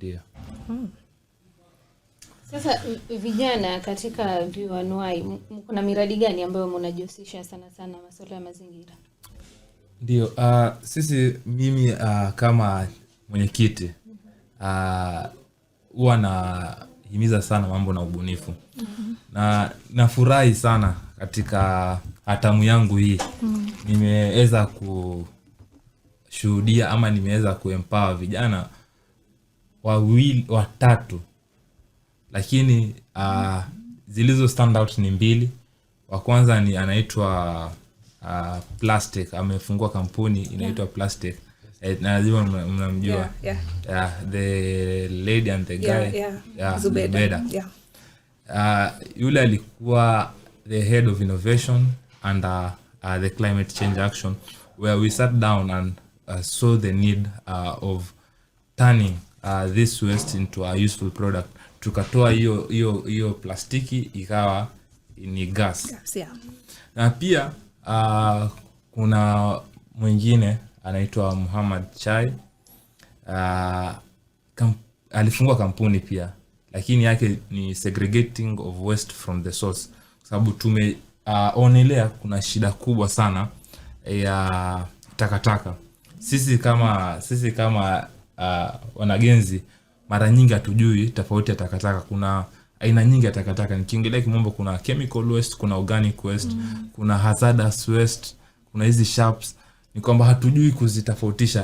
Ndio. Hmm. Sasa vijana katika vyuanuai kuna miradi gani ambayo mnajihusisha sana sana masuala ya mazingira? Ndio, uh, sisi mimi uh, kama mwenyekiti ah, huwa uh, nahimiza sana mambo na ubunifu mm -hmm. na nafurahi sana katika hatamu yangu hii mm -hmm. nimeweza kushuhudia ama nimeweza kuempower vijana wawili watatu, lakini uh, zilizo stand out ni mbili. Wa kwanza ni anaitwa uh, Plastic, amefungua kampuni inaitwa Plastic eh, na lazima mnamjua, yeah, yeah. yeah, the lady and the guy yeah, yeah. Zubeda, Yeah. Uh, yule alikuwa the head of innovation and uh, uh, the climate change action where we sat down and uh, saw the need uh, of turning uh, this waste into a useful product. Tukatoa hiyo hiyo hiyo plastiki ikawa ni gas. yes, yeah. Na pia uh, kuna mwingine anaitwa Muhammad Chai uh, kam, alifungua kampuni pia, lakini yake ni segregating of waste from the source, sababu tumeonelea uh, kuna shida kubwa sana ya takataka. Sisi kama sisi kama uh, wanagenzi, mara nyingi hatujui tofauti ya takataka. Kuna aina nyingi ya takataka, nikiongelea kimombo, kuna chemical waste, kuna organic waste mm. kuna hazardous waste, kuna hizi sharps, ni kwamba hatujui kuzitofautisha.